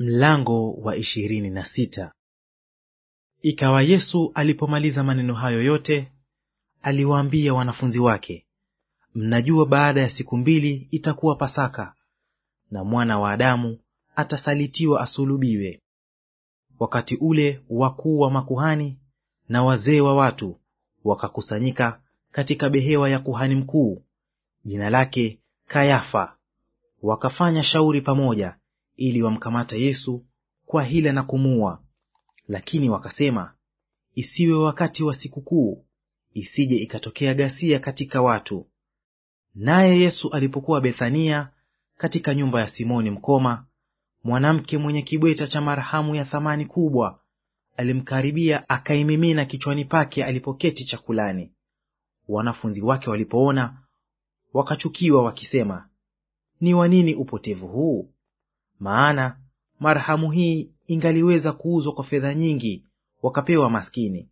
Mlango wa ishirini na sita. Ikawa Yesu alipomaliza maneno hayo yote, aliwaambia wanafunzi wake, mnajua baada ya siku mbili itakuwa Pasaka, na mwana wa Adamu atasalitiwa asulubiwe. Wakati ule wakuu wa makuhani na wazee wa watu wakakusanyika katika behewa ya kuhani mkuu, jina lake Kayafa, wakafanya shauri pamoja ili wamkamata Yesu kwa hila na kumua. Lakini wakasema, isiwe wakati wa sikukuu, isije ikatokea ghasia katika watu. Naye Yesu alipokuwa Bethania katika nyumba ya Simoni mkoma, mwanamke mwenye kibweta cha marhamu ya thamani kubwa alimkaribia, akaimimina kichwani pake alipoketi chakulani. Wanafunzi wake walipoona, wakachukiwa wakisema, ni wa nini upotevu huu? maana marhamu hii ingaliweza kuuzwa kwa fedha nyingi, wakapewa maskini.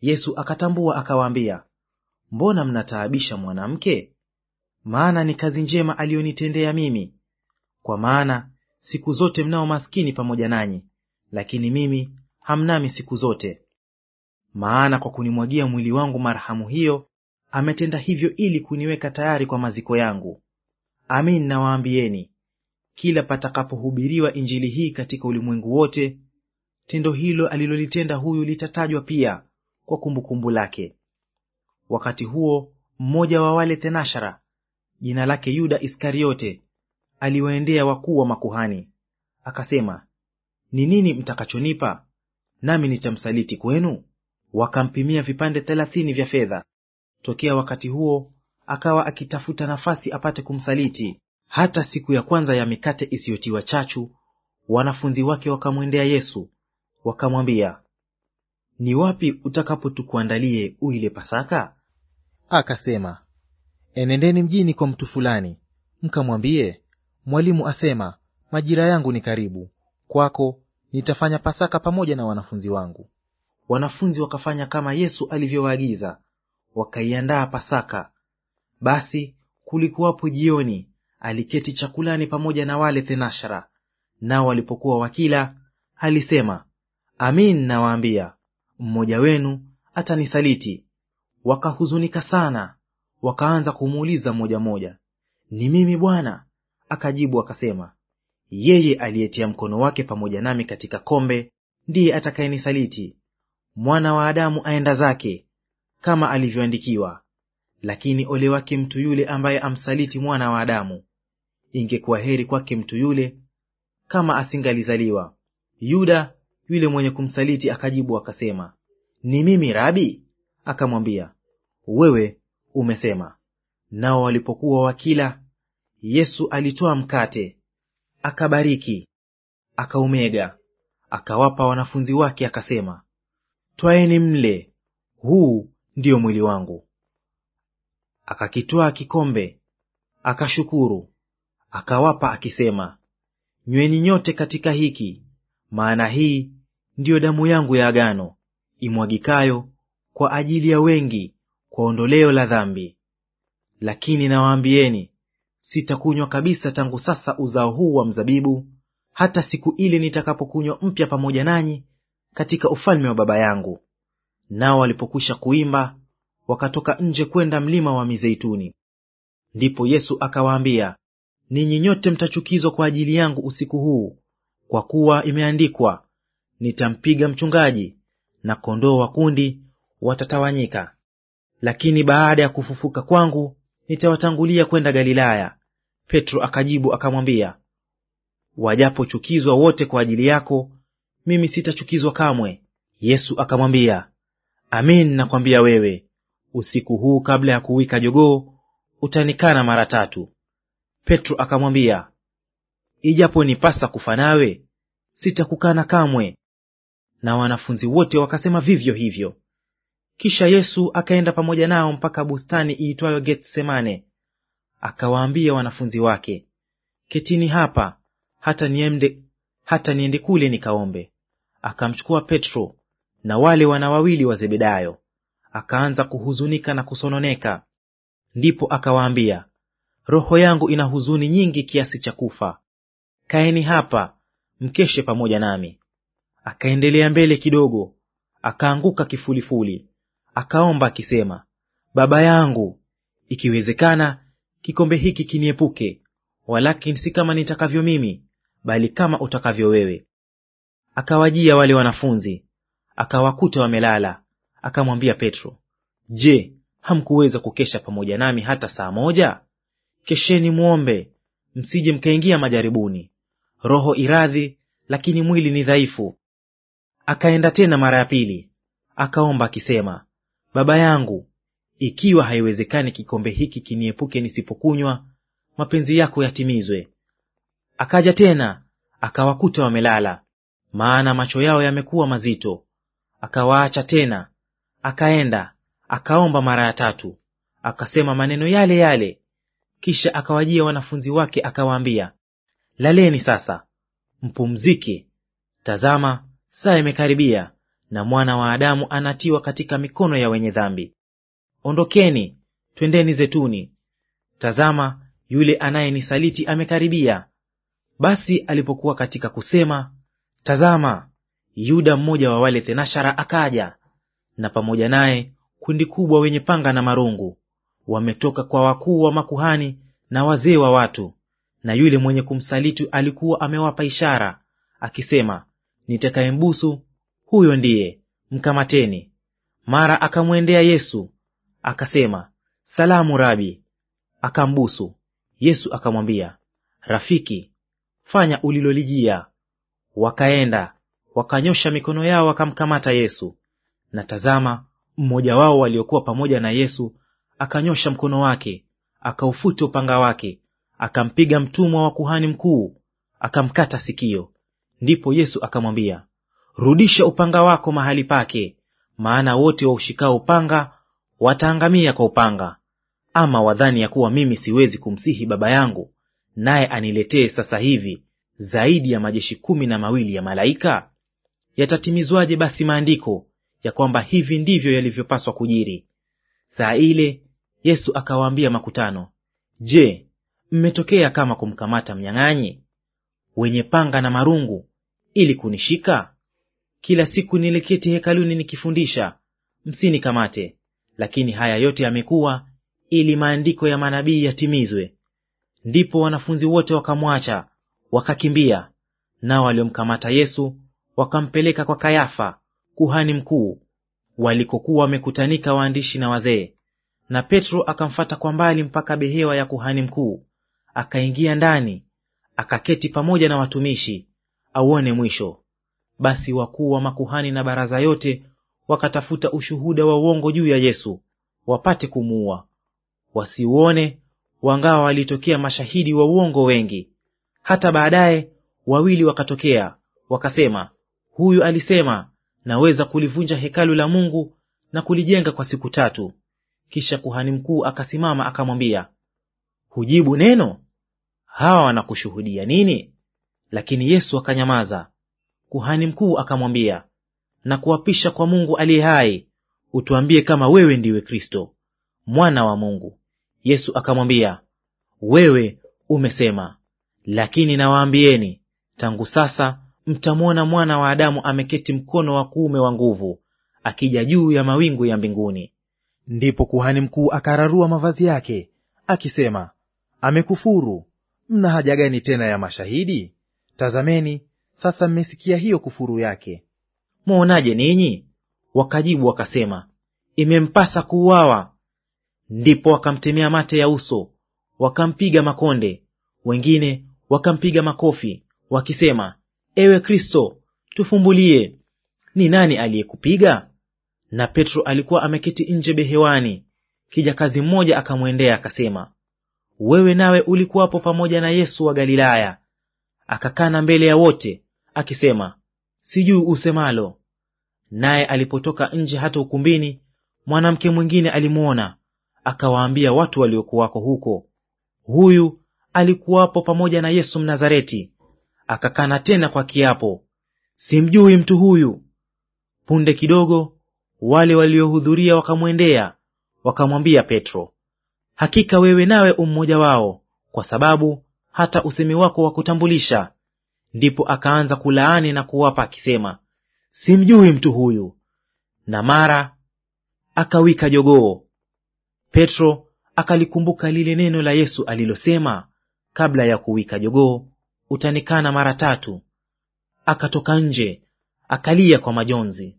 Yesu akatambua akawaambia, mbona mnataabisha mwanamke? Maana ni kazi njema aliyonitendea mimi. Kwa maana siku zote mnao maskini pamoja nanyi, lakini mimi hamnami siku zote. Maana kwa kunimwagia mwili wangu marhamu hiyo, ametenda hivyo ili kuniweka tayari kwa maziko yangu. Amin nawaambieni kila patakapohubiriwa Injili hii katika ulimwengu wote, tendo hilo alilolitenda huyu litatajwa pia kwa kumbukumbu kumbu lake. Wakati huo mmoja wa wale thenashara jina lake Yuda Iskariote aliwaendea wakuu wa makuhani akasema, ni nini mtakachonipa nami nitamsaliti kwenu? Wakampimia vipande thelathini vya fedha. Tokea wakati huo akawa akitafuta nafasi apate kumsaliti, hata siku ya kwanza ya mikate isiyotiwa chachu, wanafunzi wake wakamwendea Yesu wakamwambia, ni wapi utakapotukuandalie uile Pasaka? Akasema, enendeni mjini kwa mtu fulani, mkamwambie, mwalimu asema, majira yangu ni karibu, kwako nitafanya Pasaka pamoja na wanafunzi wangu. Wanafunzi wakafanya kama Yesu alivyowaagiza, wakaiandaa Pasaka. Basi kulikuwapo jioni, aliketi chakulani pamoja na wale thenashara, nao walipokuwa wakila, alisema, Amin nawaambia, mmoja wenu atanisaliti. Wakahuzunika sana, wakaanza kumuuliza mmoja mmoja, ni mimi Bwana? Akajibu akasema, yeye aliyetia mkono wake pamoja nami katika kombe ndiye atakayenisaliti. Mwana wa Adamu aenda zake kama alivyoandikiwa. Lakini ole wake mtu yule ambaye amsaliti mwana wa Adamu ingekuwa heri kwake mtu yule kama asingalizaliwa. Yuda yule mwenye kumsaliti akajibu akasema, ni mimi Rabi? Akamwambia, wewe umesema. Nao walipokuwa wakila, Yesu alitoa mkate, akabariki, akaumega, akawapa wanafunzi wake, akasema, twaeni mle, huu ndiyo mwili wangu. Akakitwaa kikombe, akashukuru, akawapa akisema, nyweni nyote katika hiki, maana hii ndiyo damu yangu ya agano imwagikayo kwa ajili ya wengi kwa ondoleo la dhambi. Lakini nawaambieni, sitakunywa kabisa tangu sasa uzao huu wa mzabibu, hata siku ile nitakapokunywa mpya pamoja nanyi katika ufalme wa Baba yangu. Nao walipokwisha kuimba, wakatoka nje kwenda mlima wa Mizeituni. Ndipo Yesu akawaambia, ninyi nyote mtachukizwa kwa ajili yangu usiku huu, kwa kuwa imeandikwa, nitampiga mchungaji na kondoo wa kundi watatawanyika. Lakini baada ya kufufuka kwangu nitawatangulia kwenda Galilaya. Petro akajibu akamwambia, wajapochukizwa wote kwa ajili yako, mimi sitachukizwa kamwe. Yesu akamwambia, amin, nakwambia wewe, usiku huu kabla ya kuwika jogoo utanikana mara tatu. Petro akamwambia, ijapo nipasa kufa nawe, sitakukana kamwe. Na wanafunzi wote wakasema vivyo hivyo. Kisha Yesu akaenda pamoja nao mpaka bustani iitwayo Getsemane, akawaambia wanafunzi wake, ketini hapa hata niende, hata niende kule nikaombe. Akamchukua Petro na wale wana wawili wa Zebedayo, akaanza kuhuzunika na kusononeka. Ndipo akawaambia, roho yangu ina huzuni nyingi kiasi cha kufa. Kaeni hapa mkeshe pamoja nami. Akaendelea mbele kidogo, akaanguka kifulifuli, akaomba akisema, Baba yangu, ikiwezekana kikombe hiki kiniepuke, walakini si kama nitakavyo mimi, bali kama utakavyo wewe. Akawajia wale wanafunzi, akawakuta wamelala, akamwambia Petro, Je, hamkuweza kukesha pamoja nami hata saa moja? Kesheni mwombe, msije mkaingia majaribuni. Roho iradhi, lakini mwili ni dhaifu. Akaenda tena mara ya pili, akaomba akisema, Baba yangu, ikiwa haiwezekani kikombe hiki kiniepuke nisipokunywa, mapenzi yako yatimizwe. Akaja tena akawakuta wamelala, maana macho yao yamekuwa mazito. Akawaacha tena, akaenda akaomba mara ya tatu, akasema maneno yale yale, kisha akawajia wanafunzi wake akawaambia, laleni sasa, mpumzike. Tazama, saa imekaribia, na mwana wa Adamu anatiwa katika mikono ya wenye dhambi. Ondokeni, twendeni zetuni. Tazama, yule anayenisaliti amekaribia. Basi alipokuwa katika kusema, tazama, Yuda mmoja wa wale thenashara akaja, na pamoja naye kundi kubwa wenye panga na marungu, wametoka kwa wakuu wa makuhani na wazee wa watu. Na yule mwenye kumsaliti alikuwa amewapa ishara akisema, nitakayembusu huyo ndiye, mkamateni. Mara akamwendea Yesu akasema, salamu Rabi, akambusu. Yesu akamwambia, rafiki, fanya ulilolijia. Wakaenda wakanyosha mikono yao wakamkamata Yesu. Na tazama, mmoja wao waliokuwa pamoja na Yesu akanyosha mkono wake, akaufuta upanga wake, akampiga mtumwa wa kuhani mkuu, akamkata sikio. Ndipo Yesu akamwambia, rudisha upanga wako mahali pake, maana wote waushikao upanga wataangamia kwa upanga. Ama wadhani ya kuwa mimi siwezi kumsihi Baba yangu naye aniletee sasa hivi zaidi ya majeshi kumi na mawili ya malaika? Yatatimizwaje basi maandiko ya kwamba hivi ndivyo yalivyopaswa kujiri? Saa ile Yesu akawaambia makutano, Je, mmetokea kama kumkamata mnyang'anyi wenye panga na marungu ili kunishika? Kila siku niliketi hekaluni nikifundisha, msinikamate. Lakini haya yote yamekuwa ili maandiko ya manabii yatimizwe. Ndipo wanafunzi wote wakamwacha wakakimbia. Nao waliomkamata Yesu wakampeleka kwa Kayafa kuhani mkuu, walikokuwa wamekutanika waandishi na wazee. Na Petro akamfata kwa mbali mpaka behewa ya kuhani mkuu, akaingia ndani, akaketi pamoja na watumishi auone mwisho. Basi wakuu wa makuhani na baraza yote wakatafuta ushuhuda wa uongo juu ya Yesu, wapate kumuua, wasiuone, wangawa walitokea mashahidi wa uongo wengi. Hata baadaye wawili wakatokea wakasema, huyu alisema, naweza kulivunja hekalu la Mungu na kulijenga kwa siku tatu. Kisha kuhani mkuu akasimama akamwambia, hujibu neno? Hawa wanakushuhudia nini? Lakini Yesu akanyamaza. Kuhani mkuu akamwambia, na kuapisha kwa Mungu aliye hai, utuambie kama wewe ndiwe Kristo mwana wa Mungu. Yesu akamwambia, wewe umesema. Lakini nawaambieni, tangu sasa mtamwona mwana wa Adamu ameketi mkono wa kuume wa nguvu, akija juu ya mawingu ya mbinguni. Ndipo kuhani mkuu akararua mavazi yake akisema, amekufuru. Mna haja gani tena ya mashahidi? Tazameni sasa, mmesikia hiyo kufuru yake. Mwaonaje ninyi? Wakajibu wakasema, imempasa kuuawa. Ndipo wakamtemea mate ya uso, wakampiga makonde, wengine wakampiga makofi, wakisema, Ewe Kristo, tufumbulie. Ni nani aliyekupiga? na Petro alikuwa ameketi nje behewani. Kija kazi mmoja akamwendea akasema, wewe nawe ulikuwapo pamoja na Yesu wa Galilaya. Akakana mbele ya wote akisema, sijui usemalo. Naye alipotoka nje hata ukumbini, mwanamke mwingine alimwona, akawaambia watu waliokuwako huko, huyu alikuwapo pamoja na Yesu Mnazareti. Akakana tena kwa kiapo, simjui mtu huyu. Punde kidogo wale waliohudhuria wakamwendea wakamwambia Petro, hakika wewe nawe ummoja wao, kwa sababu hata usemi wako wa kutambulisha. Ndipo akaanza kulaani na kuwapa akisema, simjui mtu huyu. Na mara akawika jogoo. Petro akalikumbuka lile neno la Yesu alilosema, kabla ya kuwika jogoo utanikana mara tatu. Akatoka nje akalia kwa majonzi.